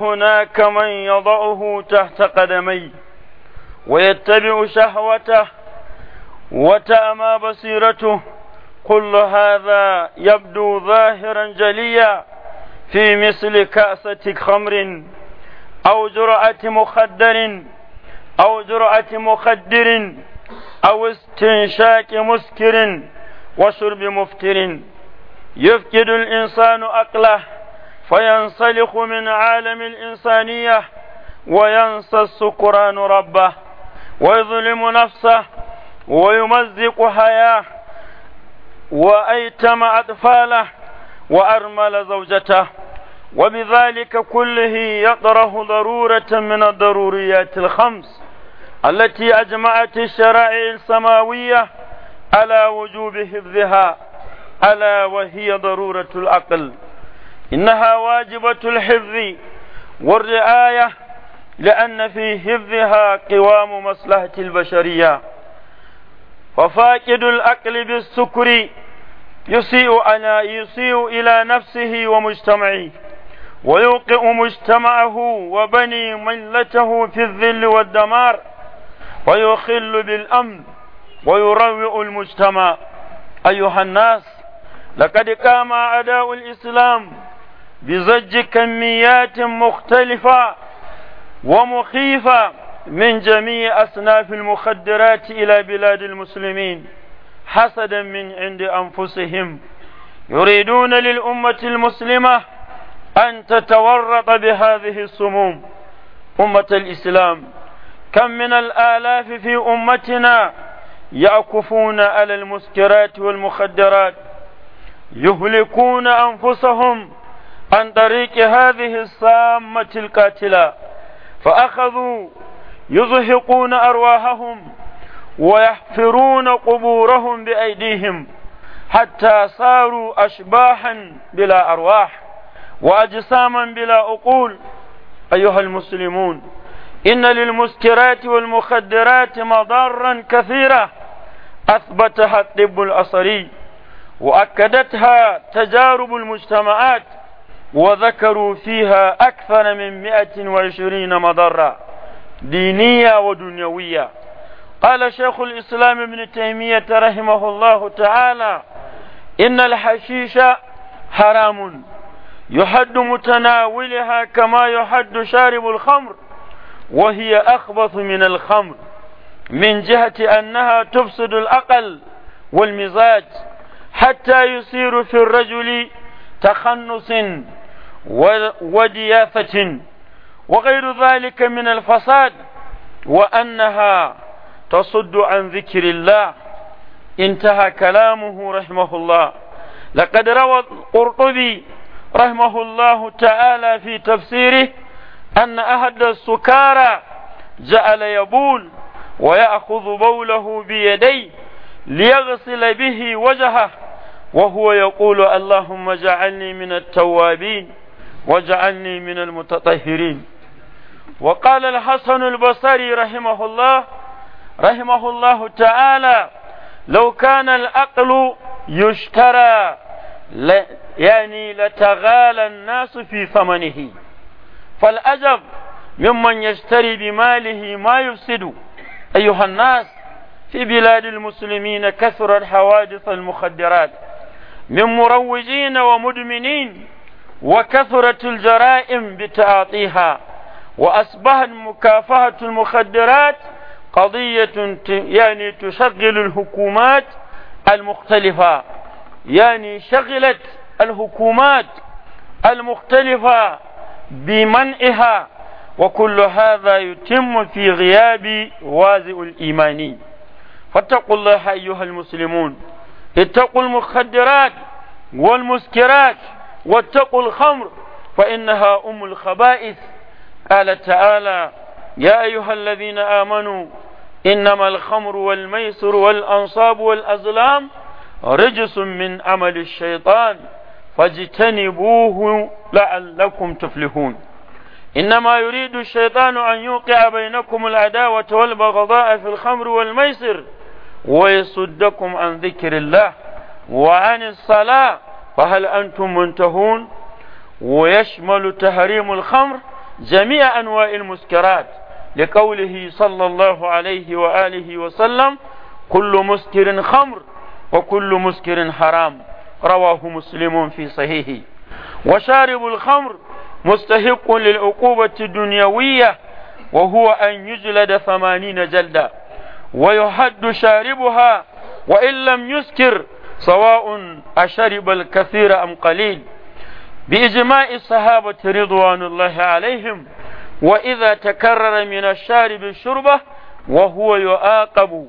هناك من يضعه تحت قدمي ويتبع شهوته وتأمى بصيرته كل هذا يبدو ظاهرا جليا في مثل كأسة خمر أو جرعة مخدر أو جرعة مخدر أو استنشاك مسكر وشرب مفتر يفقد الإنسان أقله فينسلخ من عالم الإنسانية وينسى السكران ربه ويظلم نفسه ويمزق حياه وأيتم أطفاله وأرمل زوجته وبذلك كله يطرح ضرورة من الضروريات الخمس التي أجمعت الشرائع السماوية على وجوب حفظها ألا وهي ضرورة العقل إنها واجبة الحفظ والرعاية لأن في حفظها قوام مصلحة البشرية وفاقد الأقل بالسكر يسيء على يسيء إلى نفسه ومجتمعه ويوقئ مجتمعه وبني ملته في الذل والدمار ويخل بالأمن ويروع المجتمع أيها الناس لقد قام أداء الإسلام بزج كميات مختلفة ومخيفة من جميع أصناف المخدرات إلى بلاد المسلمين حسدا من عند أنفسهم يريدون للأمة المسلمة أن تتورط بهذه السموم أمة الإسلام كم من الآلاف في أمتنا يعكفون على المسكرات والمخدرات يهلكون أنفسهم عن طريق هذه السامة القاتلة فأخذوا يزهقون أرواحهم ويحفرون قبورهم بأيديهم حتى صاروا أشباحا بلا أرواح وأجساما بلا عقول أيها المسلمون إن للمسكرات والمخدرات مضارا كثيرة أثبتها الطب الأصري وأكدتها تجارب المجتمعات وذكروا فيها أكثر من مئة وعشرين مضرة دينية ودنيوية قال شيخ الإسلام ابن تيمية رحمه الله تعالى إن الحشيش حرام يحد متناولها كما يحد شارب الخمر وهي أخبث من الخمر من جهة أنها تفسد الأقل والمزاج حتى يصير في الرجل تخنص وجيافة وغير ذلك من الفساد وأنها تصد عن ذكر الله انتهى كلامه رحمه الله لقد روى القرطبي رحمه الله تعالى في تفسيره أن أحد السكارى جعل يبول ويأخذ بوله بيديه ليغسل به وجهه وهو يقول اللهم اجعلني من التوابين واجعلني من المتطهرين وقال الحسن البصري رحمه الله رحمه الله تعالى لو كان الأقل يشترى ل... يعني لتغالى الناس في ثمنه فالأجب ممن يشتري بماله ما يفسد أيها الناس في بلاد المسلمين كثر الحوادث المخدرات من مروجين ومدمنين وكثرت الجرائم بتعاطيها وأصبح مكافحة المخدرات قضية يعني تشغل الحكومات المختلفة يعني شغلت الحكومات المختلفة بمنعها وكل هذا يتم في غياب وازع الإيمان فاتقوا الله أيها المسلمون اتقوا المخدرات والمسكرات واتقوا الخمر فإنها أم الخبائث قال تعالى يا أيها الذين آمنوا إنما الخمر والميسر والأنصاب والأزلام رجس من عمل الشيطان فاجتنبوه لعلكم تفلحون إنما يريد الشيطان أن يوقع بينكم العداوة والبغضاء في الخمر والميسر ويصدكم عن ذكر الله وعن الصلاة فهل أنتم منتهون ويشمل تحريم الخمر جميع أنواع المسكرات لقوله صلى الله عليه وآله وسلم كل مسكر خمر وكل مسكر حرام رواه مسلم في صحيحه وشارب الخمر مستحق للعقوبة الدنيوية وهو أن يجلد ثمانين جلدة ويحد شاربها وإن لم يسكر سواء أشرب الكثير أم قليل بإجماع الصحابة رضوان الله عليهم وإذا تكرر من الشارب الشربة وهو يعاقب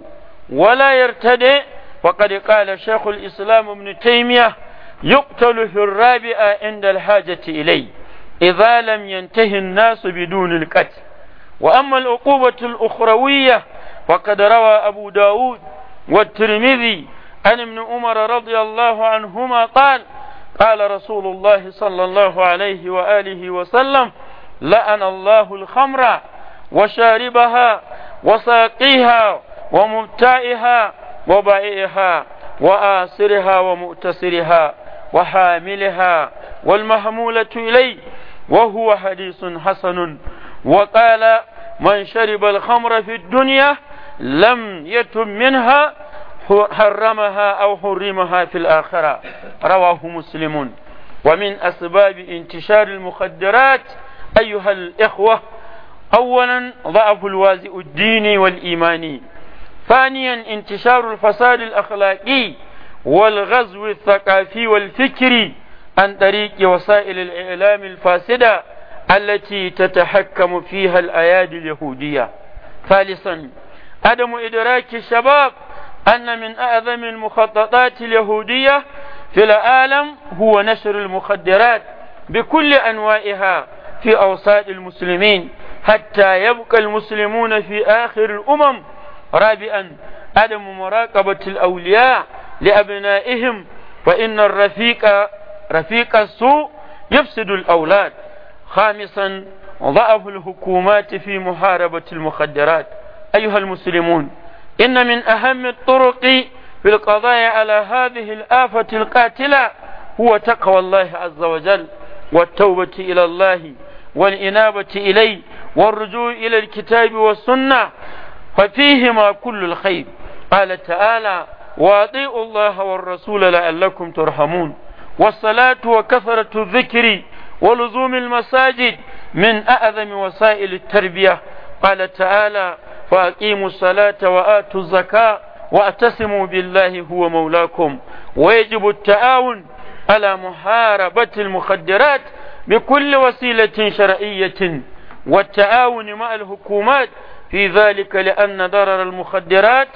ولا يرتدئ وقد قال شيخ الإسلام ابن تيمية يقتل في الرابعة عند الحاجة إليه إذا لم ينتهي الناس بدون القتل وأما العقوبة الأخروية وقد روى أبو داود والترمذي عن ابن عمر رضي الله عنهما قال قال رسول الله صلى الله عليه وآله وسلم لأن الله الخمر وشاربها وساقيها ومبتائها وبائعها وآسرها ومؤتسرها وحاملها والمهمولة إليه وهو حديث حسن وقال من شرب الخمر في الدنيا لم يتم منها حرمها أو حرمها في الآخرة رواه مسلم ومن أسباب انتشار المخدرات أيها الإخوة أولا ضعف الوازع الديني والإيماني ثانيا انتشار الفساد الأخلاقي والغزو الثقافي والفكري عن طريق وسائل الإعلام الفاسدة التي تتحكم فيها الأيادي اليهودية ثالثا عدم إدراك الشباب أن من أعظم المخططات اليهودية في العالم هو نشر المخدرات بكل أنوائها في أوساط المسلمين حتى يبقى المسلمون في آخر الأمم رابعا عدم مراقبة الأولياء لأبنائهم فإن الرفيق رفيق السوء يفسد الأولاد خامسا ضعف الحكومات في محاربة المخدرات أيها المسلمون إن من أهم الطرق في القضاء على هذه الآفة القاتلة هو تقوى الله عز وجل والتوبة إلى الله والإنابة إليه والرجوع إلى الكتاب والسنة ففيهما كل الخير قال تعالى واطيعوا الله والرسول لعلكم ترحمون والصلاة وكثرة الذكر ولزوم المساجد من أعظم وسائل التربية قال تعالى فأقيموا الصلاة وآتوا الزكاة واعتصموا بالله هو مولاكم ويجب التعاون على محاربة المخدرات بكل وسيلة شرعية والتعاون مع الحكومات في ذلك لأن ضرر المخدرات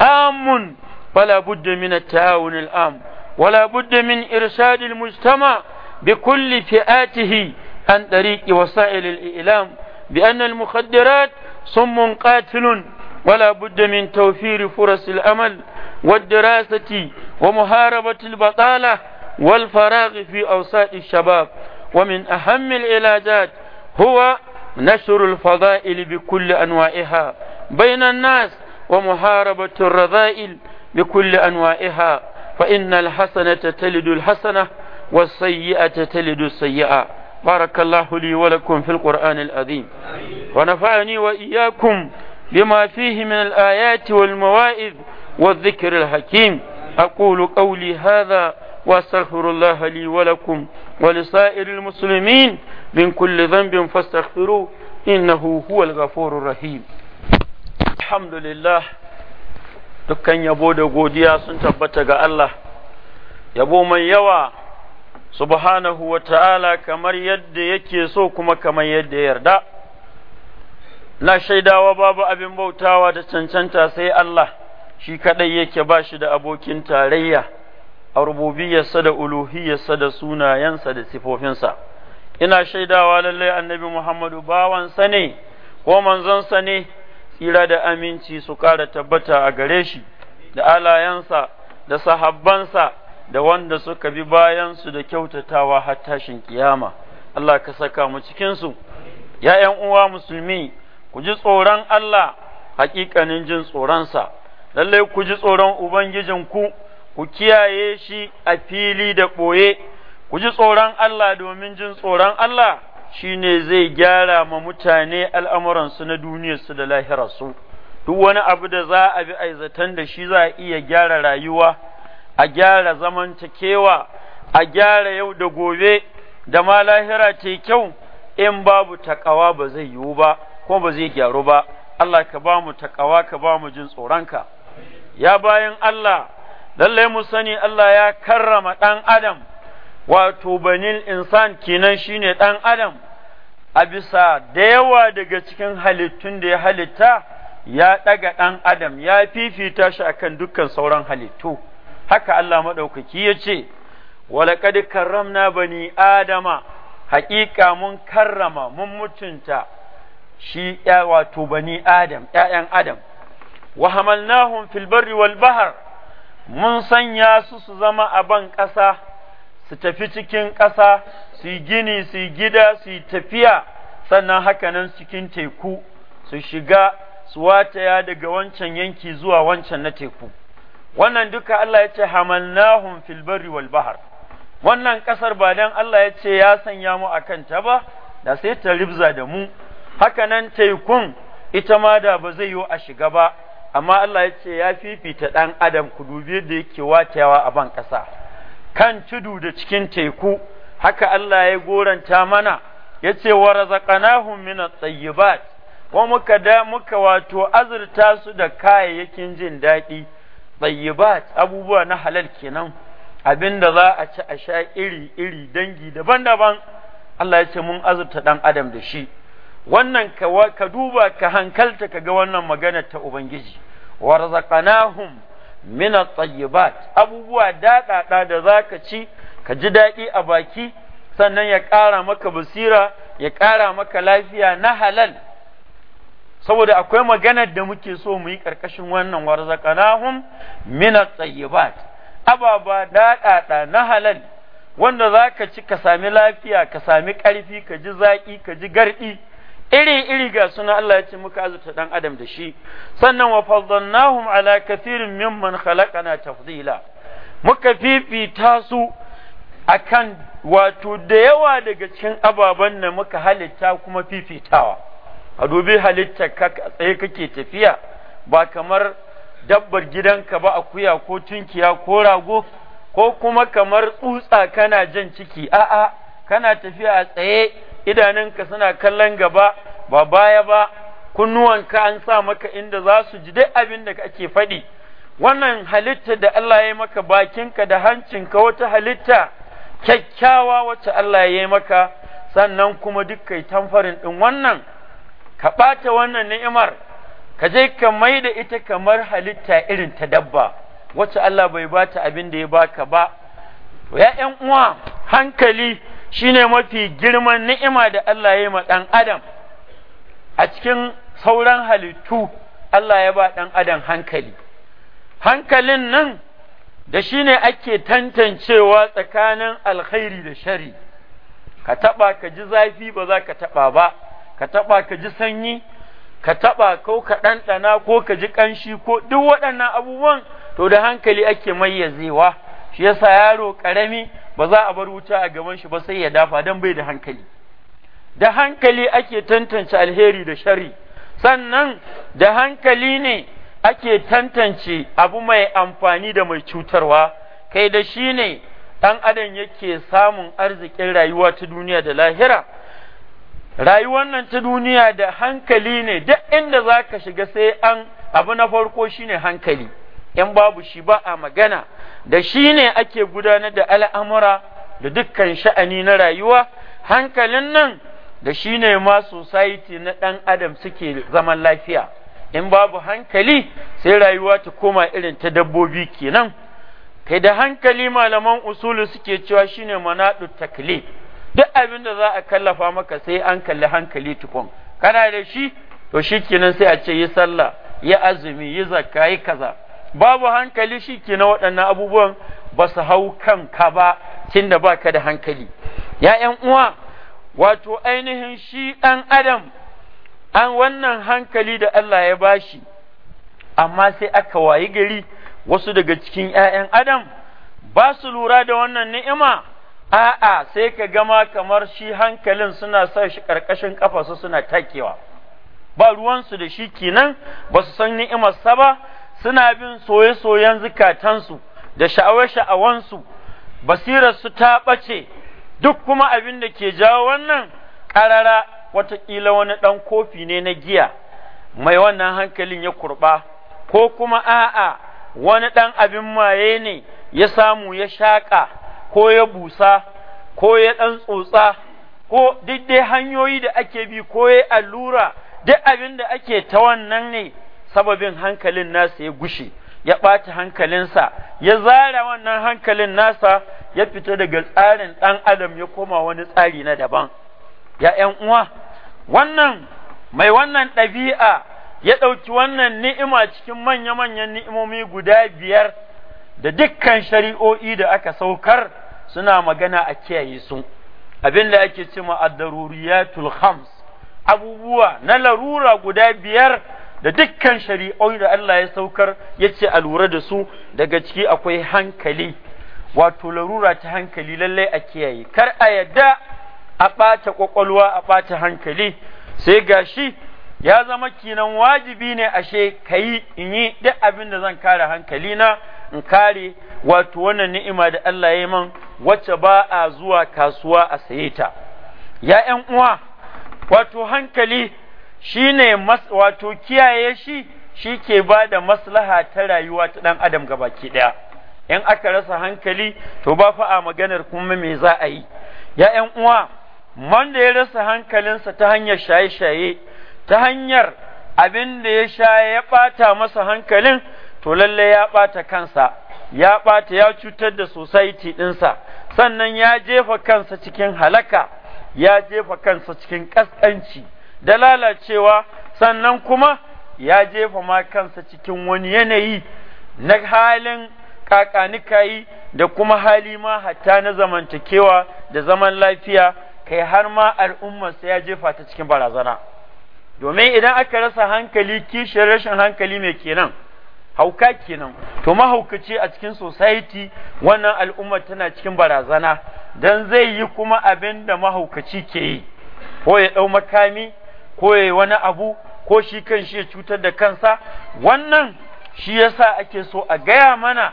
عام فلا بد من التعاون العام ولا بد من إرشاد المجتمع بكل فئاته عن طريق وسائل الإعلام بأن المخدرات صم قاتل ولا بد من توفير فرص الأمل والدراسة ومحاربة البطالة والفراغ في أوساط الشباب ومن أهم العلاجات هو نشر الفضائل بكل أنواعها بين الناس ومحاربة الرذائل بكل أنواعها فإن الحسنة تلد الحسنة والسيئة تلد السيئة بارك الله لي ولكم في القرآن العظيم ونفعني وإياكم بما فيه من الآيات والمواعظ والذكر الحكيم أقول قولي هذا واستغفر الله لي ولكم ولسائر المسلمين من كل ذنب فاستغفروه إنه هو الغفور الرحيم الحمد لله dukkan yabo da godiya sun tabbata ga Allah yabo mai yawa subhanahu wa ta'ala kamar yadda yake so kuma kamar yadda yarda na shaidawa babu abin bautawa da cancanta sai Allah shi kadai yake ba shi da abokin tarayya a rububiyarsa da uluhiyarsa da sunayensa da sifofinsa ina shaidawa lallai annabi Muhammadu bawansa ne ko manzonsa ne tsira da aminci su ƙara tabbata a gare shi da alayensa da sahabbansa da wanda suka bi bayansu da kyautatawa har tashin kiyama Allah ka saka mu cikinsu ya ’yan uwa musulmi ku ji tsoron Allah hakikanin jin tsoronsa lallai ku ji tsoron Ubangijinku ku kiyaye shi a fili da ɓoye ku ji tsoron Allah domin jin tsoron Allah shi ne zai gyara ma mutane al'amuransu na duniya su da su. duk wani abu da za a bi aizatan da shi za a iya gyara rayuwa a gyara zamantakewa a gyara yau da gobe da ma lahira ce kyau in babu takawa ba zai yiwu ba ko ba zai gyaru ba Allah ka ba mu takawa ka ba mu jin tsoronka ya bayan Allah lallai mu sani Allah ya karrama ɗan adam wato banil insan kenan shine ɗan adam a bisa da yawa daga cikin halittun da ya halitta ya ɗaga ɗan adam ya fifita shi akan dukkan sauran halittu haka Allah maɗaukaki yace ce walaƙad karramna bani adama haƙiƙa mun karrama mun mutunta shi ya wato bani adam ‘ya'yan adam wa hamalnahum fil barri wal bahar mun sanya su su zama a ban ƙasa su tafi cikin ƙasa su gini su gida su tafiya sannan hakanan cikin teku su shiga su wataya daga wancan yanki zuwa wancan na teku wannan duka Allah ya ce hamalnahum fil barri wal bahar wannan kasar ba dan Allah ya ce ya sanya mu akan ta ba da sai ta ribza da mu haka nan taikun ita ma da ba zai yi a shiga ba amma Allah ya ce ya fifita dan adam ku dubi da yake wacewa a ban kasa kan tudu da cikin teku haka Allah ya goranta mana ya ce wa razaqanahum min at-tayyibat ko muka da muka wato azurta su da kayayyakin jin daɗi tsayibat abubuwa na halal kenan abinda za a ci a sha iri-iri dangi daban-daban Allah ya ce mun azurta ɗan adam da shi wannan ka duba ka hankalta ka ga wannan magana ta Ubangiji warzaqanahum min at-tayyibat abubuwa daɗaɗa da zaka ci ka ji daɗi a baki sannan ya ƙara maka basira ya ƙara maka lafiya na halal saboda akwai maganar da muke so mu yi ƙarƙashin wannan warzaƙanahum minat tsayyibat ababa daɗaɗa na halal wanda za ka ci ka sami lafiya ka sami ƙarfi ka ji zaƙi ka ji garɗi iri iri ga suna Allah ya ce muka azuta ɗan adam da shi sannan wa faddannahum ala kathirin mimman khalaqana tafdila muka fifita su akan wato da yawa daga cikin ababan da muka halitta kuma fifitawa a dubi halittar ka tsaye kake tafiya ba kamar dabbar gidanka ba akuya ko tunkiya ko rago ko kuma kamar tsutsa kana jan ciki a'a kana tafiya a tsaye idanunka suna kallon gaba ba baya ba kunnuwanka an sa maka inda za su ji duk abin da ake faɗi wannan halitta da Allah ya maka bakinka da hancinka wata halitta kyakkyawa wacce Allah ya maka sannan kuma duk kai tamfarin ɗin wannan ka ɓata wannan ni'imar ka je ka mai da ita kamar halitta irin ta dabba wacce Allah bai bata abin da ya baka ba ya ƴan uwa hankali shine mafi girman ni'ima da Allah ya yi ma ɗan adam a cikin sauran halittu Allah ya ba ɗan adam hankali hankalin nan da shine ake tantancewa tsakanin alkhairi da shari ka taɓa ka ji zafi ba za ka taɓa ba ka taba ka ji sanyi ka taɓa ko ka ɗanɗana ko ka ji ƙanshi ko duk waɗannan abubuwan to da hankali ake mayyazewa shi yasa yaro ƙarami ba za a bar wuta a gaban shi ba sai ya dafa don bai da hankali da hankali ake tantance alheri da shari sannan da hankali ne ake tantance abu mai amfani da mai cutarwa kai da shi ne ɗan adam yake samun arzikin rayuwa ta duniya da lahira rayuwar nan ta duniya da hankali ne duk inda za ka shiga sai an abu na farko shine hankali in babu shi ba a magana da shi ne ake gudanar da al'amura da dukkan sha'ani na rayuwa hankalin nan da shi ne ma society na ɗan adam suke zaman lafiya in babu hankali sai rayuwa ta koma irin ta dabbobi kenan kai da hankali malaman usulu suke cewa shine manaɗu taklif duk abin da za a kallafa maka sai an kalli hankali tukun kana da shi to shi kenan sai a ce yi sallah yi azumi yi zakka yi kaza babu hankali shi kenan waɗannan abubuwan ba su hau kanka ba tunda ka da hankali ya uwa wato ainihin shi ɗan adam an wannan hankali da Allah ya bashi amma sai aka wayi gari wasu daga cikin ‘ya'yan adam ba su lura da wannan ni'ima a'a sai ka gama kamar shi hankalin suna sa shi ƙarƙashin su suna takewa ba ruwansu da shi kenan ba su san ni'imarsa ba suna bin soye-soyen zukatansu da su shaawansu su ta ɓace duk kuma abin da ke jawo wannan ƙarara watakila wani ɗan kofi ne na giya mai wannan hankalin ya kurɓa ko kuma a'a wani ɗan abin maye ne ya samu ya shaƙa ko ya busa ko ya ɗan tsotsa ko duk dai hanyoyi da ake bi ko ya allura duk abin da ake ta wannan ne sababin hankalin nasa ya gushe ya ɓata hankalinsa ya zara wannan hankalin nasa ya fita daga tsarin ɗan adam ya koma wani tsari na daban ya ‘yan uwa wannan mai wannan ɗabi'a ya ɗauki wannan ni'ima cikin manya-manyan ni'imomi guda biyar da dukkan shari'o'i da aka saukar suna magana a kiyaye su Abin da ake cewa ad-daruriyatul khams abubuwa na larura guda biyar da dukkan shari'o'i da Allah ya saukar ya ce a lura da su daga ciki akwai hankali wato larura ta hankali lallai a kiyaye kar a yadda a ɓata ƙwaƙwalwa a ɓata hankali sai gashi ya zama kinan wajibi ne ashe ka yi in yi duk abin da zan kare hankali na, in kare wato wannan ni'ima da Allah ya yi man wacce ba a zuwa kasuwa a saye ta ya ’yan uwa wato hankali shi wato kiyaye shi shi ke ba da maslaha ta rayuwa ta ɗan adam gabaki ɗaya in aka rasa hankali to ba fa a maganar kuma me za a yi ya ’yan uwa da ya rasa hankalinsa ta hanyar shaye-shaye ta hanyar abin da ya sha ya ɓata masa hankalin to lalle ya ɓata kansa ya ɓata ya cutar da society ɗinsa sannan ya jefa kansa cikin halaka ya jefa kansa cikin ƙasƙanci da lalacewa sannan kuma ya jefa ma kansa cikin wani yanayi na halin kakanikayi da kuma hali ma hatta na zamantakewa da zaman lafiya kai har ma al'ummarsa ya jefa ta cikin barazana. domin idan aka rasa hankali kishiyar rashin hankali mai kenan hauka kenan to mahaukaci a cikin society wannan al'umma tana cikin barazana dan zai yi kuma abin da mahaukaci ke yi ko ya ɗau makami ko ya wani abu ko shi kan shi ya cutar da kansa wannan shi yasa ake so a gaya mana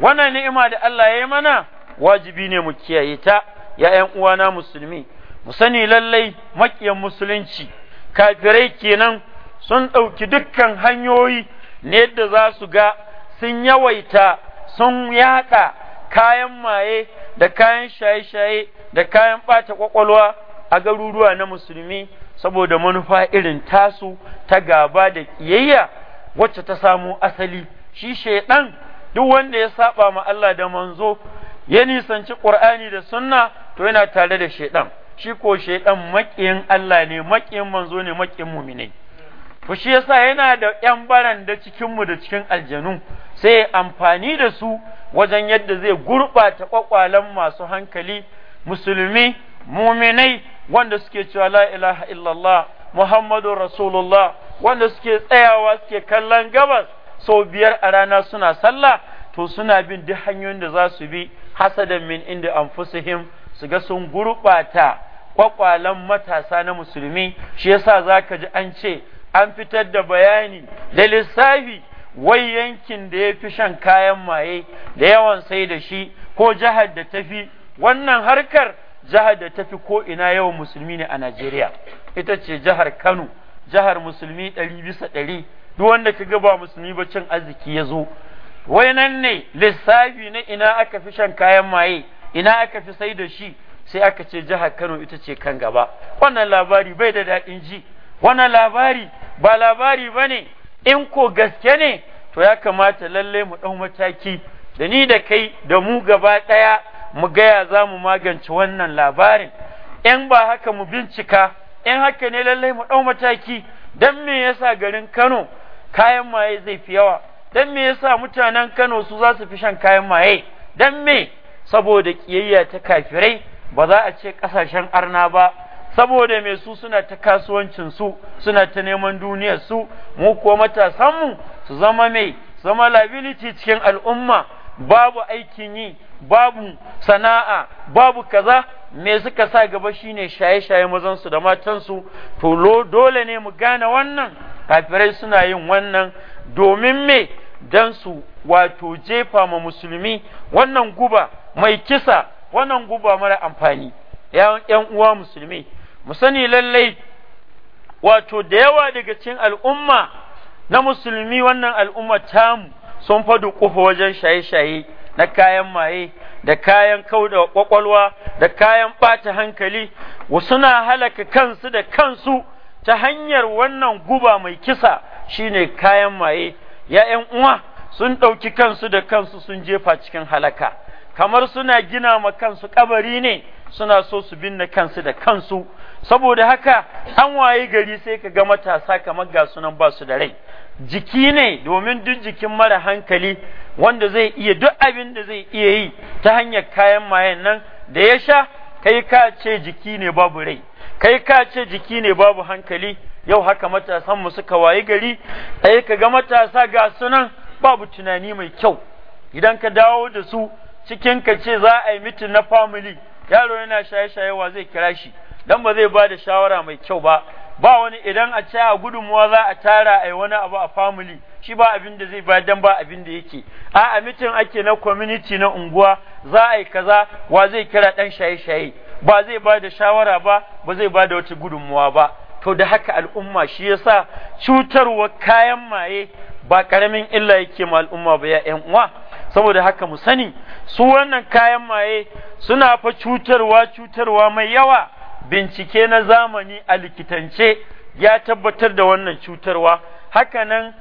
wannan ni'ima da Allah ya yi mana wajibi ne mu kiyaye ta ya uwana musulmi mu sani lallai maƙiyan musulunci kafirai kenan sun ɗauki dukkan hanyoyi ne da za su ga sun yawaita sun yaƙa, kayan maye da kayan shaye-shaye da kayan ɓata ƙwaƙwalwa a garuruwa na musulmi saboda manufa irin tasu ta gaba da ƙiyayya wacce ta samu asali shi shaiɗan duk wanda ya saba ma Allah da manzo ya nisanci ƙur'ani da sunna to yana tare da shaiɗan shi ko shaidan makiyin Allah ne makiyin manzo ne makiyin muminai to shi yasa yana da ƴan baran da cikin mu da cikin aljanu sai amfani da su wajen yadda zai gurɓata kwakwalan masu hankali musulmi muminai wanda suke cewa la ilaha illallah muhammadu rasulullah wanda suke tsayawa suke kallon gabas sau biyar a rana suna sallah to suna bin duk hanyoyin da za su bi hasadan min inda anfusihim su ga sun gurɓata kwakwalan matasa na musulmi shi yasa ka ji an ce an fitar da bayani da lissafi wai yankin da ya fi shan kayan maye da yawan sai da shi ko jihar da tafi wannan harkar jihar da tafi ko ina yawan musulmi ne a Najeriya ita ce jihar Kano jihar musulmi ɗari bisa ɗari duk wanda ka gaba ba musulmi ba cin arziki ya zo wai nan ne lissafi na ina aka fi shan kayan maye ina aka fi sai da shi sai aka ce jihar Kano ita ce kan gaba wannan labari bai da daɗin ji wannan labari ba labari ba ne in ko gaske ne to ya kamata lalle mu ɗau mataki da ni da kai da mu gaba ɗaya mu gaya za mu magance wannan labarin in ba haka mu bincika in haka ne lallai mu ɗau mataki Dan me yasa garin Kano kayan maye zai fi yawa Dan me yasa mutanen Kano su za su fi shan kayan maye Dan me saboda ƙiyayya ta kafirai ba za a ce ƙasashen arna ba saboda mai su suna ta kasuwancin su suna ta neman duniyar su mu ko mu su zama mai zama liability cikin al'umma babu aikin yi babu sana'a babu kaza me suka sa gaba shine shaye-shaye mazan su da matan su to dole ne mu gane wannan kafirai suna yin wannan domin me dan su wato jefa ma musulmi wannan guba mai kisa wannan guba mara amfani ‘yan uwa musulmi mu sani lallai wato da yawa daga cikin al'umma na musulmi wannan al'umma tamu sun fadu kufa wajen shaye-shaye na kayan maye da kayan kauda kwakwalwa da kayan ɓata hankali suna halaka kansu da kansu ta hanyar wannan guba mai kisa shine kayan maye ya ‘yan uwa sun ɗauki kansu da kansu sun jefa cikin halaka kamar suna gina ma kansu kabari ne suna so su binne kansu da kansu saboda haka an wayi gari sai ka ga matasa kamar ga sunan ba su da rai jiki ne domin duk jikin mara hankali wanda zai iya duk abin da zai iya yi ta hanyar kayan mayan nan da ya sha kai ka ce jiki ne babu rai kai ka ce jiki ne babu hankali yau haka matasan mu suka wayi gari sai ka ga matasa ga sunan babu tunani mai kyau idan ka dawo da su cikin ka ce za a yi mitin na family yaro yana shaye-shaye wa zai kira shi dan ba zai ba shawara mai kyau ba ba wani idan a ce a gudunmuwa za a tara a yi wani abu a family shi ba abin da zai bayar dan ba abin da yake a a mitin ake na community na unguwa za a yi kaza wa zai kira dan shaye-shaye ba zai ba da shawara ba ba zai ba da wata gudunmuwa ba to da haka al'umma shi yasa cutarwa kayan maye ba karamin illa yake ma al'umma ba ya yan uwa saboda haka mu sani su wannan kayan maye suna fa cutarwa cutarwa mai yawa bincike na zamani a likitance ya tabbatar da wannan cutarwa hakanan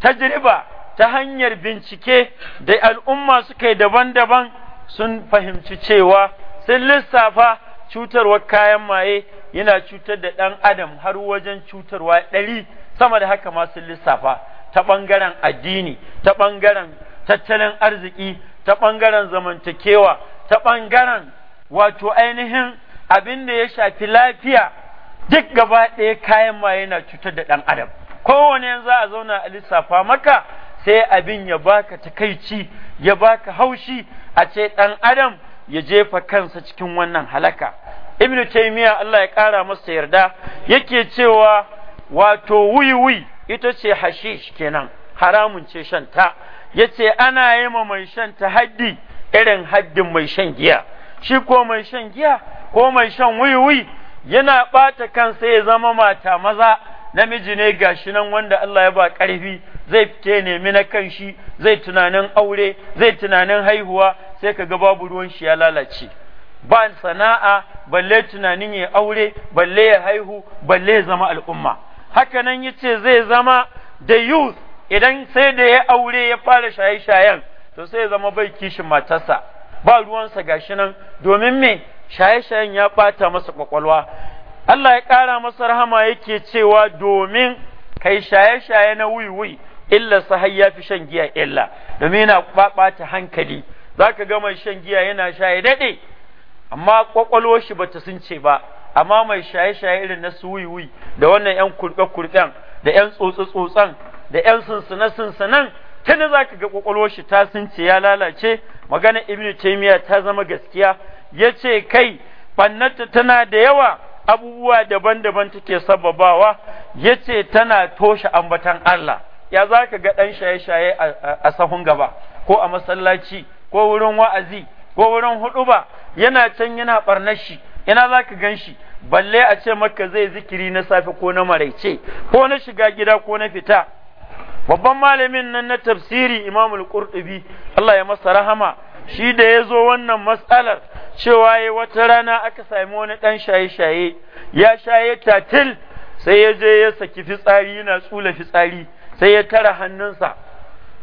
tajriba ta hanyar bincike da al'umma suka yi daban-daban sun fahimci cewa sun lissafa cutarwar kayan maye yana cutar da ɗan adam har wajen cutarwa ɗari sama da haka ma sun lissafa ta ɓangaren addini ta ɓangaren tattalin arziki ta ɓangaren zamantakewa ta ɓangaren wato ainihin abin da ya shafi lafiya duk gaba ɗaya kayan maye na cutar da ɗan adam kowane za a zauna a lissafa maka sai abin ya baka takaici ya baka haushi a ce ɗan adam ya jefa kansa cikin wannan halaka ibnu taymiya Allah ya ƙara masa yarda yake cewa wato wuyi ita ce hashish kenan haramun ce shan ta. yace ana yi ma mai shan ta haddi irin haddin mai shan giya shi ko mai shan giya ko mai shan wiwi yana ɓata kansa ya zama mata maza namiji ne gashi nan wanda Allah ya ba karfi zai fite nemi na kan shi zai tunanin aure zai tunanin haihuwa sai ka ga babu ruwan shi ya lalace ba sana'a balle tunanin ya aure balle ya haihu balle ya zama al'umma haka nan yace zai zama da youth idan sai da ya aure ya fara shaye-shayen to sai ya zama bai kishin matarsa ba ruwansa gashi nan domin me shaye-shayen ya ɓata masa kwakwalwa Allah ya ƙara masa rahama yake cewa domin kai shaye-shaye na wuyi-wuyi illa har ya fi shan giya illa domin yana ɓata hankali za ka ga mai shan giya yana shaye daɗe amma kwakwalwar shi bata sun ce ba amma mai shaye-shaye irin na su da wannan 'yan kurɓe-kurɓen da 'yan tsotse tsotsan da ‘yan sunsune-sunsunan tuni za ka ga ƙwaƙwalwar shi ta sunce ya lalace magana ibnu taimiya ta zama gaskiya ya ce kai bannata tana da yawa abubuwa daban-daban take sababawa ya ce tana toshe ambatan Allah ya za ka ga ɗan shaye-shaye a sahun gaba ko a masallaci ko wurin wa'azi ko wurin huduba? yana can yana ɓarnashi. shi ina za ka gan shi balle a ce maka zai zikiri na safe ko na maraice ko na shiga gida ko na fita babban malamin nan na tafsiri imamul qurtubi Allah ya masa rahama shi da ya zo wannan matsalar cewa ya wata rana aka sami wani ɗan shaye-shaye ya shaye tatil sai ya je ya saki fitsari yana tsula fitsari sai ya tara hannunsa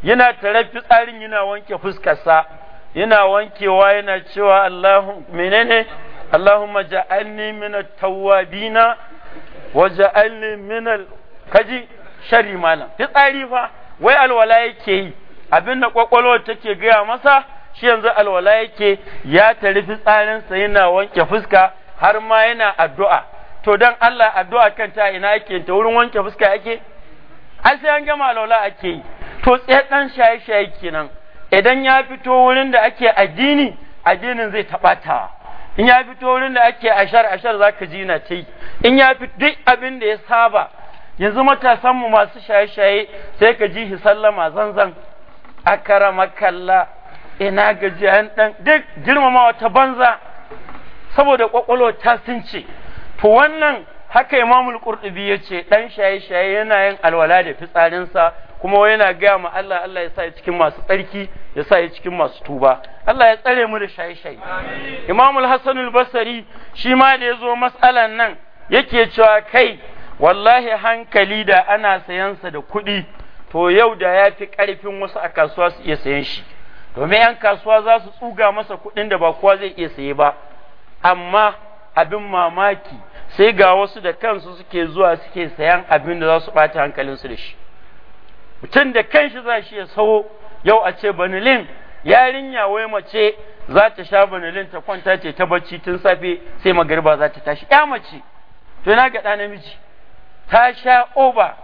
yana tare fitsarin yana wanke fuskarsa yana wankewa yana cewa Allahu menene Allahumma ja'alni min at-tawwabina wa ja'alni min al kaji shari malam fitsari fa wai alwala yake yi abin da kwakwalwar take gaya masa shi yanzu alwala yake ya tari fitsarinsa yana wanke fuska har ma yana addu'a to dan Allah addu'a kanta ina yake ta wurin wanke fuska yake ai sai an gama alwala ake yi to tsaye shaye-shaye kenan idan ya fito wurin da ake addini addinin zai tabata in ya fito wurin da ake ashar ashar zaka ji na ta in ya fito duk abin da ya saba yanzu matasan mu masu shaye-shaye sai ka ji shi sallama zanzan akara makalla ina gajiyan dan duk girmamawa ta banza saboda kwakwalwa ta sunce to wannan haka imamul qurtubi yace dan shaye-shaye yana yin alwala da fitsarinsa kuma yana gaya ma Allah Allah ya sa ya cikin masu tsarki ya sa ya cikin masu tuba Allah ya tsare mu da shaye-shaye Imam al-Hasan basri shi ma da yazo mas'alan nan yake cewa kai wallahi hankali da ana sayansa da kuɗi to yau da ya fi ƙarfin wasu a kasuwa su iya sayan shi domin 'yan kasuwa za su tsuga masa kuɗin da ba kowa zai iya saye ba amma abin mamaki sai ga wasu da kansu suke zuwa suke sayan abin da za su ɓata hankalinsu da shi mutum da kanshi za shi ya sawo yau a ce banilin yarinya wai mace za ta sha banilin ta kwanta ce ta bacci tun safe sai magariba za ta tashi ya mace to na ga ɗa namiji ta sha oba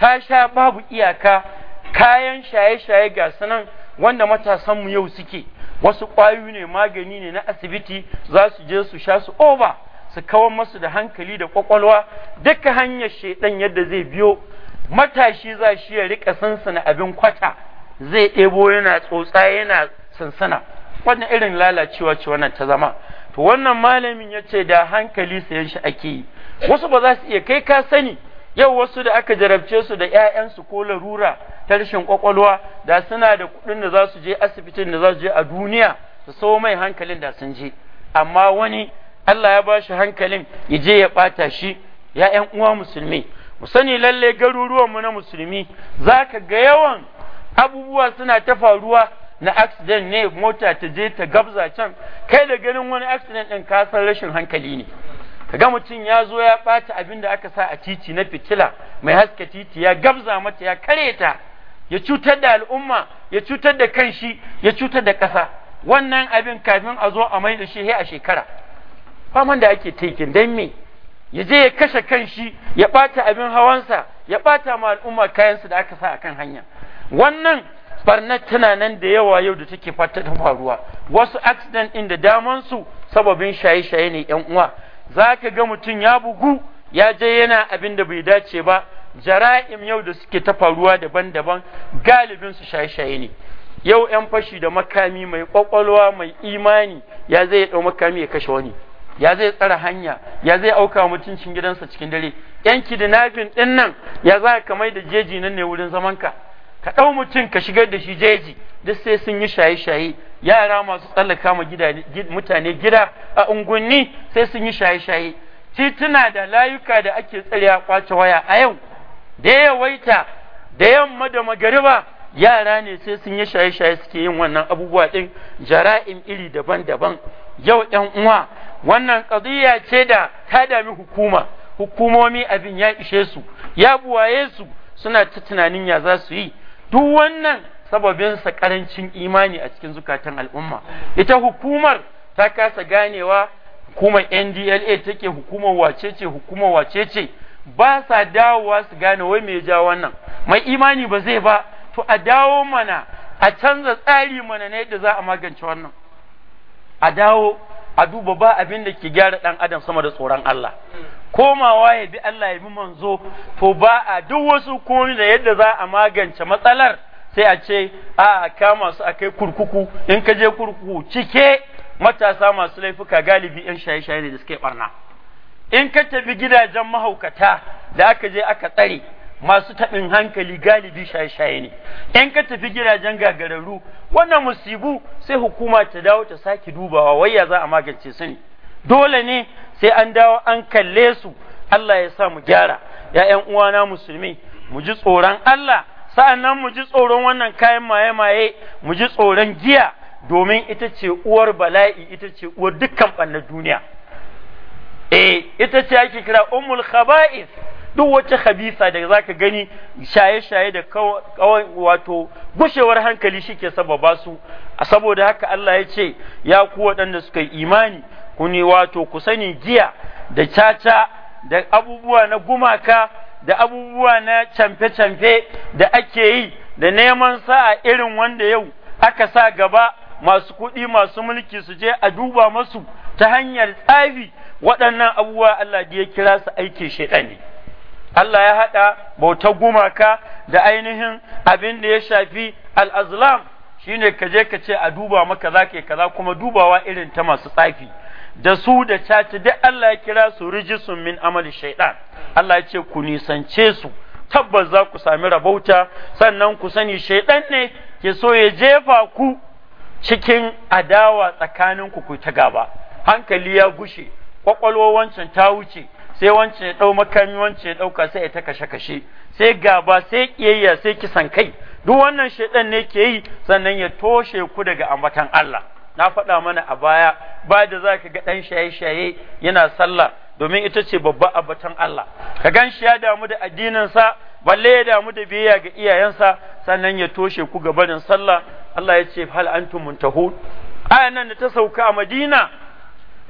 ta sha babu iyaka kayan shaye-shaye ga sanan wanda matasanmu yau suke wasu ƙwayoyi ne magani ne na asibiti za su je su sha su oba su kawar masu da hankali da ƙwaƙwalwa duka hanyar shaidan yadda zai biyo matashi za shi ya rika sansana abin kwata zai ɗebo yana tsotsa yana sansana wannan irin lalacewa ce wannan ta zama to wannan malamin ya ce da hankali sayan shi ake yi wasu ba za su iya kai ka sani yau wasu da aka jarabce su da 'ya'yansu ko larura ta rashin kwakwalwa da suna da kuɗin da za su je asibitin da za su je a duniya su sau mai hankalin da sun je amma wani Allah ya ba shi hankalin ya je ya ɓata shi ‘ya'yan uwa musulmi mu sani lalle mu na musulmi za ka ga yawan abubuwa suna ta faruwa na accident ne mota ta je ta gabza can kai da ganin wani accident ɗin ka san rashin hankali ne Ka kaga mutum ya zo ya ɓata abin da aka sa a titi na fitila mai haske titi ya gabza mata ya kare ta ya cutar da al'umma ya cutar da kanshi ya cutar da ƙasa wannan abin kafin a zo a mai da shi a shekara faman da ake taikin dan me ya je ya kashe kanshi ya ɓata abin hawansa ya ɓata ma al'umma kayansu da aka sa a kan hanya wannan barnar tana nan da yawa yau da take fata ta faruwa wasu accident ɗin da damansu sababin shaye-shaye ne yan uwa za ka ga mutum ya bugu ya je yana abin da bai dace ba jara'im yau da suke ta faruwa daban-daban galibin su shaye-shaye ne yau 'yan fashi da makami mai kwakwalwa mai imani ya zai ɗau makami ya kashe wani ya zai tsara hanya ya zai auka mutuncin gidansa cikin dare 'yan kidnapping ɗin nan ya za ka mai da jeji nan ne wurin zamanka ka ɗau mutum ka shigar da shi jeji duk sai sun yi shaye-shaye yara masu tsallaka ma mutane gida a unguwanni sai sun yi shaye-shaye tituna da layuka da ake tsare kwace waya a yau da yawaita da yamma da magariba yara ne sai sun yi shaye-shaye suke yin wannan abubuwa ɗin jara'in iri daban-daban yau ‘yan uwa wannan ƙadiyya ce da ta dami hukuma hukumomi abin ya ishe su ya buwaye su suna ta tunanin ya za su yi duk wannan sababin sa karancin imani a cikin zukatan al'umma ita hukumar ta kasa ganewa hukumar ndla take hukumar wacece hukumar wacece ba sa dawowa su gane wai mai ja wannan mai imani ba zai ba to a dawo mana a canza tsari mana na yadda za a magance wannan a dawo a duba ba abin da ke gyara dan adam sama da tsoron Allah komawa ya bi Allah ya bi manzo to ba a duk wasu ko da yadda za a magance matsalar sai a ce a kama su a kai kurkuku in ka je kurkuku cike matasa masu laifuka galibi yan shaye-shaye ne da suke barna in ka tafi gidajen mahaukata da aka je aka tsare masu taɓin hankali galibi shaye-shaye ne in ka tafi gidajen gagararru wannan musibu sai hukuma ta dawo ta sake dubawa wai ya za a magance su ne dole ne sai an dawo an kalle su Allah ya sa mu gyara ya uwa uwana musulmi mu ji tsoron Allah sa'an mu ji tsoron wannan kayan maye-maye mu ji tsoron giya domin ita ce uwar bala'i ita ce uwar dukkan ɓanna duniya eh ita ce ake kira ummul khaba'is duk wacce khabisa da zaka gani shaye-shaye da kawai wato gushewar hankali shike sababa su saboda haka Allah ya ce ya ku waɗanda suka yi imani kuni wato ku sani giya da caca da abubuwa na gumaka da abubuwa na camfe-camfe da ake yi da neman sa'a irin wanda yau aka sa gaba masu kuɗi masu mulki su je a duba masu ta hanyar tsafi waɗannan abubuwa Allah da ya kira su aiki shaiɗani Allah ya haɗa bautar gumaka da ainihin abin da ya shafi al'azlam shine ka je ka ce a duba maka za ka yi kaza kuma dubawa irin ta masu tsafi da su da caci duk Allah ya kira su rijisun min amali shaidan Allah ya ce ku nisance su tabbas za ku sami rabauta sannan ku sani shaidan ne ke so ya jefa ku cikin adawa tsakanin ku ta gaba hankali ya gushe kwakwalwa wancan ta wuce sai wancan ya ɗau makami wancan ya ɗauka sai ya ta kashe-kashe sai gaba sai kiyayya sai kisan kai duk wannan shaidan ne ke yi sannan ya toshe ku daga ambatan Allah na faɗa mana a baya ba da za ka ga ɗan shaye-shaye yana sallah domin ita ce babba a abatan Allah ka gan shi ya damu da addininsa balle ya damu da biyayya ga iyayensa sannan ya toshe ku ga barin sallah Allah ya ce hal antum muntahun ayan nan da ta sauka a Madina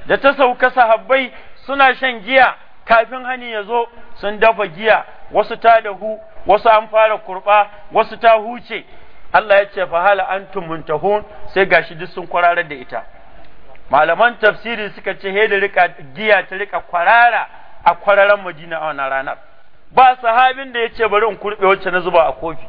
da ta sauka sahabbai suna shan giya kafin hani ya zo sun dafa giya wasu ta dahu wasu an fara kurɓa, wasu ta huce Allah ya ce fahala an tumuntahun sai gashi duk sun kwararar da ita malaman tafsiri suka ce he da rika giya ta rika kwarara a kwararar Madina a wannan ranar ba sahabin da yace bari in kurbe wacce na zuba a kofi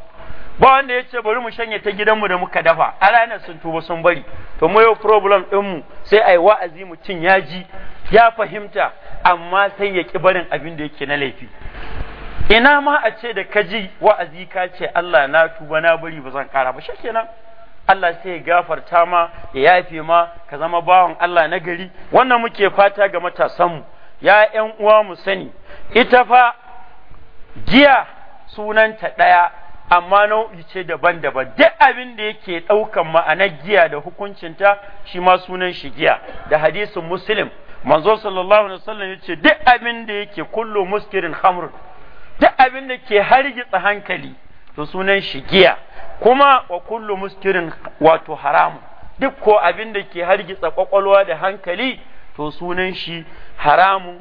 ba wanda yace bari mu shanye ta gidanmu da muka dafa a ranar sun tuba sun bari to mu yau problem din mu sai ai wa'azi mutum ya ji ya fahimta amma sai ya ki barin abin da yake na laifi ina ma a ce da kaji wa'azi ka ce Allah na tuba na bari ba zan kara ba shikenan Allah sai ya gafarta ma ya yafe ma ka zama bawan Allah na gari wannan muke fata ga matasan mu ya ƴan uwa mu sani ita fa giya sunanta ɗaya amma nau'i ce daban-daban duk abin da yake ɗaukan ma'anar giya da hukuncinta shi ma sunan shi giya da hadisin muslim manzo sallallahu alaihi wasallam yace duk abin da yake kullu muskirin khamr duk abin da ke hargitsa hankali to sunan shi giya kuma wa kullu muskirin wato haramu, duk ko abin da ke hargitsa kwakwalwa da hankali to sunan shi haramu.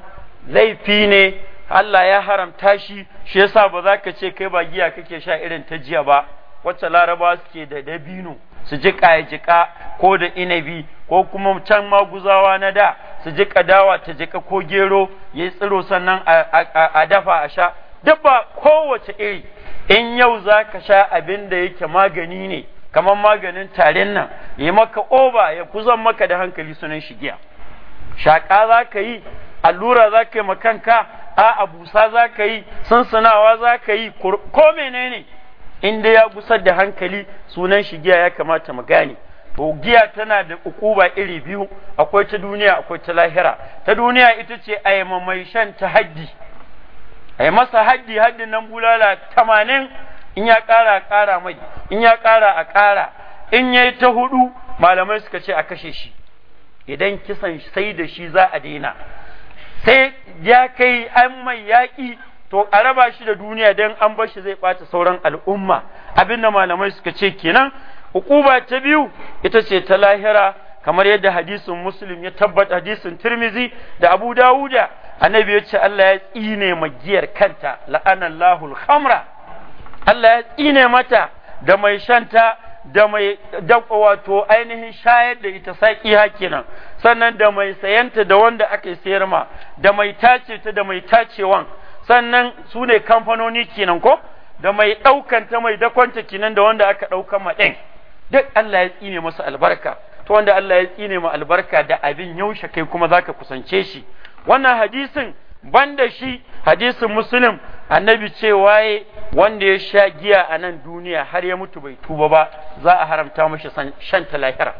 laifi ne Allah ya haramta shi shi yasa ba za ka ce kai ba giya kake sha irin ta jiya ba wacce larabawa suke da dabino su jiƙa ya jiƙa ko da inabi ko kuma can maguzawa na da su jika dawa ta jika ko gero ya tsiro sannan a dafa a sha dabba kowace iri in yau za ka sha abin da yake magani ne kamar maganin tarin nan ya maka oba ya kuzan maka da hankali sunan shigiya. shaka shaƙa za ka yi allura za ka yi makanka a abusa za ka yi sunsanawa za ka yi ko menene in dai ya gusar da hankali sunan shigiya ya kamata mu gane to giya tana da ukuba iri biyu akwai ta duniya akwai ta lahira ta duniya ita ce a mai shan ta haddi ai masa haddi haddin nan bulala tamanin in ya ƙara a ƙara mai in ya ƙara a ƙara in ya ta hudu malamai suka ce a kashe shi idan kisan sai da shi za a daina sai ya kai an mai yaƙi to a raba shi da duniya don an bar shi zai ɓata sauran al'umma abinda malamai suka ce kenan hukuma ta biyu ita ce ta lahira kamar yadda hadisin muslim ya tabbata hadisin tirmizi da abu dawuda annabi ya ce Allah ya tsine magiyar kanta la'anallahu al Allah ya tsine mata da mai shanta da mai dabba wato ainihin shayar da ita saki hakinan sannan da mai sayanta da wanda aka sayar ma da mai tace ta da mai tacewan sannan su ne kamfanoni kenan ko da mai ta mai dakwanta kenan da wanda aka ɗauka ma din duk Allah ya tsine masa albarka to wanda Allah ya tsine ma albarka da abin yaushe kai kuma zaka kusance shi wannan hadisin banda shi hadisin muslim annabi ce waye wanda ya sha giya a nan duniya har ya mutu bai tuba ba za a haramta mashi shan ta lahira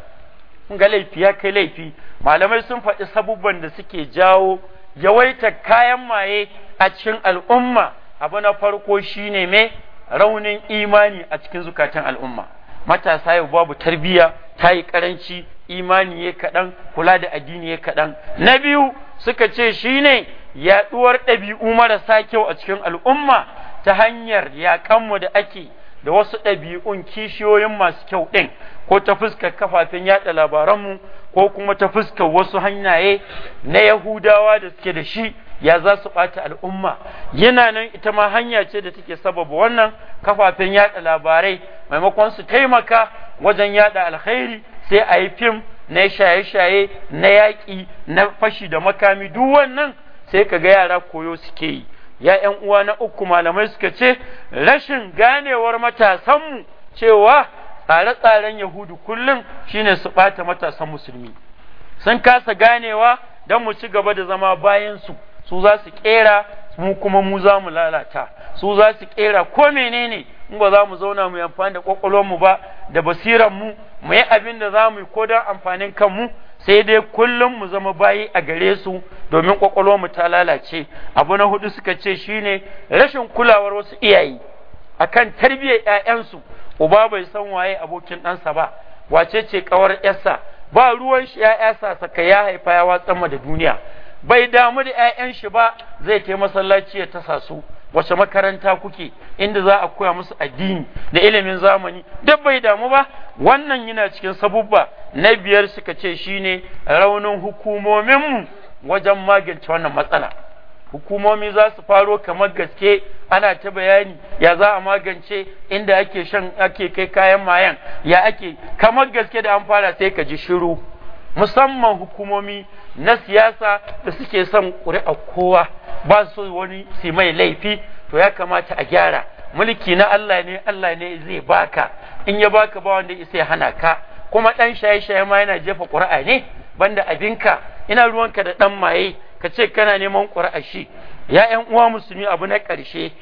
kun ga laifi ya kai laifi malamai sun faɗi sabubban da suke jawo yawaita kayan maye a cikin al'umma abu na farko shine mai raunin imani a cikin zukatan al'umma matasa yau babu tarbiyya ta yi karanci imani ya kaɗan kula da addini ya kaɗan na biyu suka ce shi ne yaɗuwar ɗabi'u marasa kyau a cikin al'umma ta hanyar yaƙanmu da ake da wasu ɗabi'un kishiyoyin masu kyau ɗin ko ta fuskar kafafen yaɗa labaranmu ko kuma ta fuskar wasu hanyaye na yahudawa da suke da shi ya za su ɓata al'umma yana nan ita ma hanya ce da take sababa wannan kafafen yada labarai maimakon su taimaka wajen yada alkhairi sai a yi fim na shaye-shaye na yaƙi na fashi da makami duk wannan sai ka ga yara koyo suke yi ya ‘yan uwa na uku malamai suka ce rashin ganewar matasanmu cewa tsare-tsaren yahudu kullum shine su ɓata matasan musulmi sun kasa ganewa don mu ci gaba da zama bayan su. su za su kera mu kuma mu za mu lalata su za su kera ko menene in ba za mu zauna mu yi amfani da mu ba da basiran mu mu yi abin da za mu yi ko don amfanin kanmu sai dai kullum mu zama bayi a gare su domin mu ta lalace abu na hudu suka ce shine rashin kulawar wasu iyaye akan tarbiyyar 'ya'yansu uba bai san waye abokin ɗansa ba wace ce kawar 'yarsa ba ruwan shi 'ya'ya saka ya haifa ya watsan da duniya bai damu da 'ya'yan shi ba zai kai masallaci ya tasa su wace makaranta kuke inda za a koya musu addini da ilimin zamani duk bai damu ba wannan yana cikin sabubba na biyar suka ce shine raunin hukumominmu wajen magance wannan matsala hukumomi za su faro kamar gaske ana ta bayani ya za a magance inda ake shan ake kai kayan mayan ya ake kamar gaske da an fara sai ka ji shiru musamman hukumomi na siyasa da suke son ƙuri'a kowa ba su wani su mai laifi to ya kamata a gyara mulki na Allah ne Allah ne zai baka in ya baka ba wanda isa ya hana ka kuma ɗan shaye-shaye ma yana jefa ƙuri'a ne banda abinka ina ruwanka da ɗan maye ka ce kana neman ƙuri'a shi ya ƴan uwa musulmi abu na ƙarshe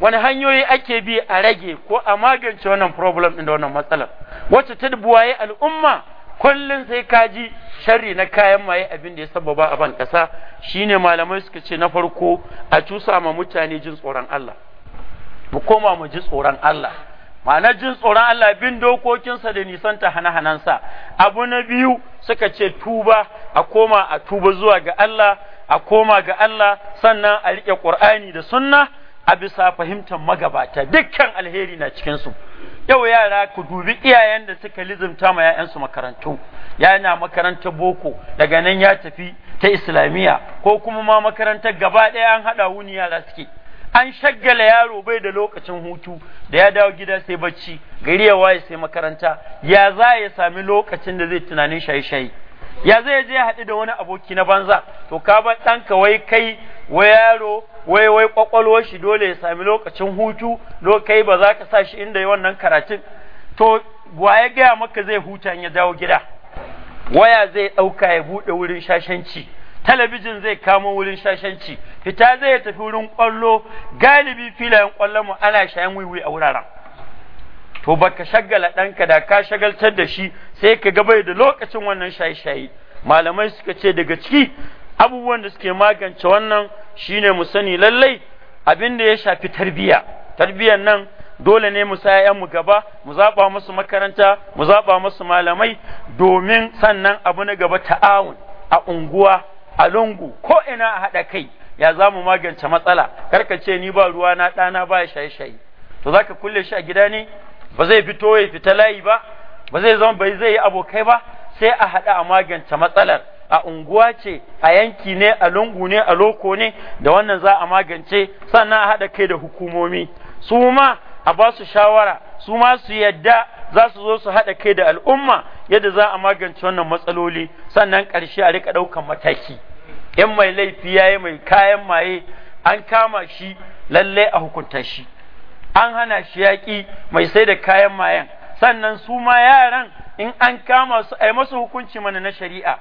wani hanyoyi ake bi a rage ko a magance wannan problem ɗin da wannan matsalar wacce ta dubuwaye al'umma kullun sai ka ji sharri na kayan maye abin da ya sababa a ban ƙasa shine malamai suka ce na farko a cusa ma mutane jin tsoron Allah mu koma mu ji tsoron Allah ma'ana jin tsoron Allah bin dokokinsa da nisanta hana-hanansa abu na biyu suka ce tuba a koma a tuba zuwa ga Allah a koma ga Allah sannan a riƙe ƙur'ani da sunna a bisa fahimtar magabata dukkan alheri na cikinsu yau yara ku dubi iyayen da suka lizimta ma 'ya'yansu makarantu yana makarantar boko daga nan ya tafi ta islamiyya ko kuma ma makarantar gaba ɗaya an haɗa wuni yara suke an shaggala yaro bai da lokacin hutu da ya dawo gida sai bacci gari ya waye sai makaranta ya za ya sami lokacin da zai tunanin shaye-shaye ya zai je ya haɗu da wani aboki na banza to ka bar ka wai kai wai yaro wai wai kwakwalwar shi dole ya sami lokacin hutu do kai ba za ka sa shi inda wannan karatun to wa ya gaya maka zai huta ya dawo gida waya zai ɗauka ya buɗe wurin shashanci talabijin zai kamo wurin shashanci fita zai tafi wurin kwallo galibi filayen ƙwallon mu ana shayan wiwi a wuraren to baka shagala ɗanka da ka shagaltar da shi sai ka ga bai da lokacin wannan shaye-shaye malamai suka ce daga ciki abubuwan da suke magance wannan shine mu sani lallai abin da ya shafi tarbiyya. tarbiyyar nan dole ne mu sa mu gaba mu zaɓa masu makaranta mu zaɓa masu malamai domin sannan abu na gaba ta'awun a unguwa a lungu ko ina a haɗa kai ya za mu magance matsala karka ce ni ba ruwa na ɗana ba shaye-shaye to zaka kulle shi a gida ne ba zai fito ya fita layi ba ba zai zama bai zai yi abokai ba sai a haɗa a magance matsalar a unguwa ce a yanki ne a lungu ne a loko ne da wannan za a magance sannan a haɗa kai da hukumomi su ma a ba su shawara su ma su yadda za su zo su haɗa kai da al'umma yadda za a magance wannan matsaloli sannan ƙarshe a rika ɗaukan mataki in mai laifi ya yi mai kayan maye an kama shi lallai a hukunta shi an hana shi yaƙi mai sai da kayan mayan sannan su ma yaran in an kama su ai masu hukunci mana na shari'a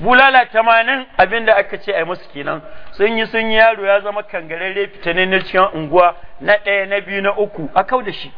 bulala tamanin abin da aka ce ai masu kenan sun yi sun yaro ya zama kangarere fitanen na cikin unguwa na ɗaya na biyu na uku a kau da shi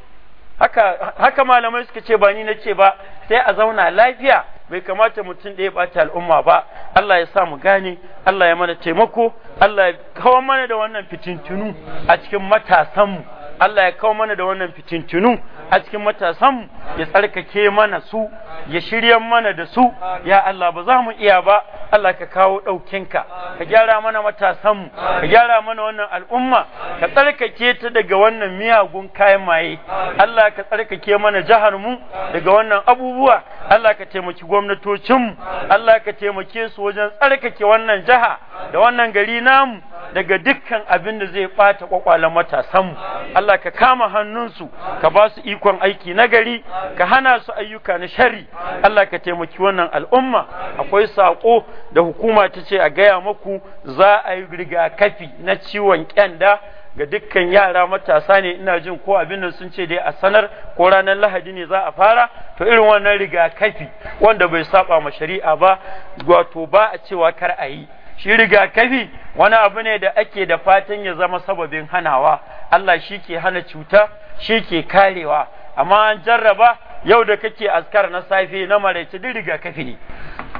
haka malamai suka ce ba ni na ce ba sai a zauna lafiya bai kamata mutum ɗaya ɓata al'umma ba Allah ya sa mu gane Allah ya mana taimako Allah ya kawo mana da wannan fitintunu a cikin matasanmu Allah ya kawo mana da wannan fitintunu a cikin matasanmu ya tsarkake mana su ya shirya mana da su ya Allah ba za mu iya ba Allah ka kawo ɗaukinka ka gyara mana matasanmu ka gyara mana wannan al'umma ka tsarkake ta daga wannan miyagun kayan maye Allah ka tsarkake mana jihar mu daga wannan abubuwa Allah ka taimaki gwamnatocinmu Allah ka taimake su wajen tsarkake wannan jiha da wannan gari namu daga dukkan abin da zai ɓata kwakwalen matasanmu Allah Allah ka kama hannunsu ka ba su ikon aiki nagari ka hana su ayyuka na shari Allah ka taimaki wannan al'umma akwai saƙo da hukuma ta ce a gaya muku za a yi rigakafi na ciwon kyanda ga dukkan yara matasa ne ina jin ko abin nan sun ce dai a sanar ko ranar lahadi ne za a fara to irin wannan rigakafi wanda bai saba ma shari'a ba wato ba a cewa kar a yi shi rigakafi wani abu ne da ake da fatan ya zama sababin hanawa Allah shi ke hana cuta shi ke karewa amma an jarraba yau da kake askar na safe na maraice duk rigakafi ne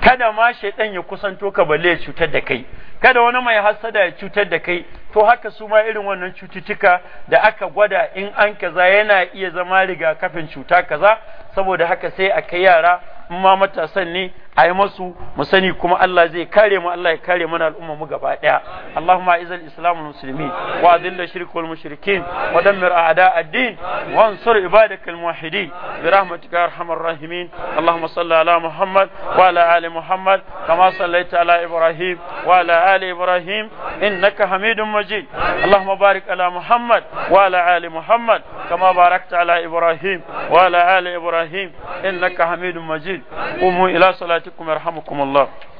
kada ma shaidan ya kusanto ka balle ya cutar da kai kada wani mai hasada ya cutar da kai to haka su ma irin wannan cututtuka da aka gwada in an kaza yana iya zama rigakafin cuta kaza saboda haka sai a kai yara in ma matasan ne a yi masu mu sani kuma Allah zai kare mu Allah ya kare mana al'umma mu gaba daya Allahumma izal islamul muslimin wa adilla shirkul mushrikin wa dammir a'da ad-din wa ansur ibadakal muwahhidin bi rahmatika arhamar rahimin Allahumma salli ala Muhammad wa ala ali Muhammad kama sallaita ala Ibrahim wa ala ali Ibrahim innaka Hamidum Majid مجيد اللهم بارك على محمد وعلى آل محمد كما باركت على إبراهيم وعلى آل إبراهيم إنك حميد مجيد قوموا إلى صلاتكم يرحمكم الله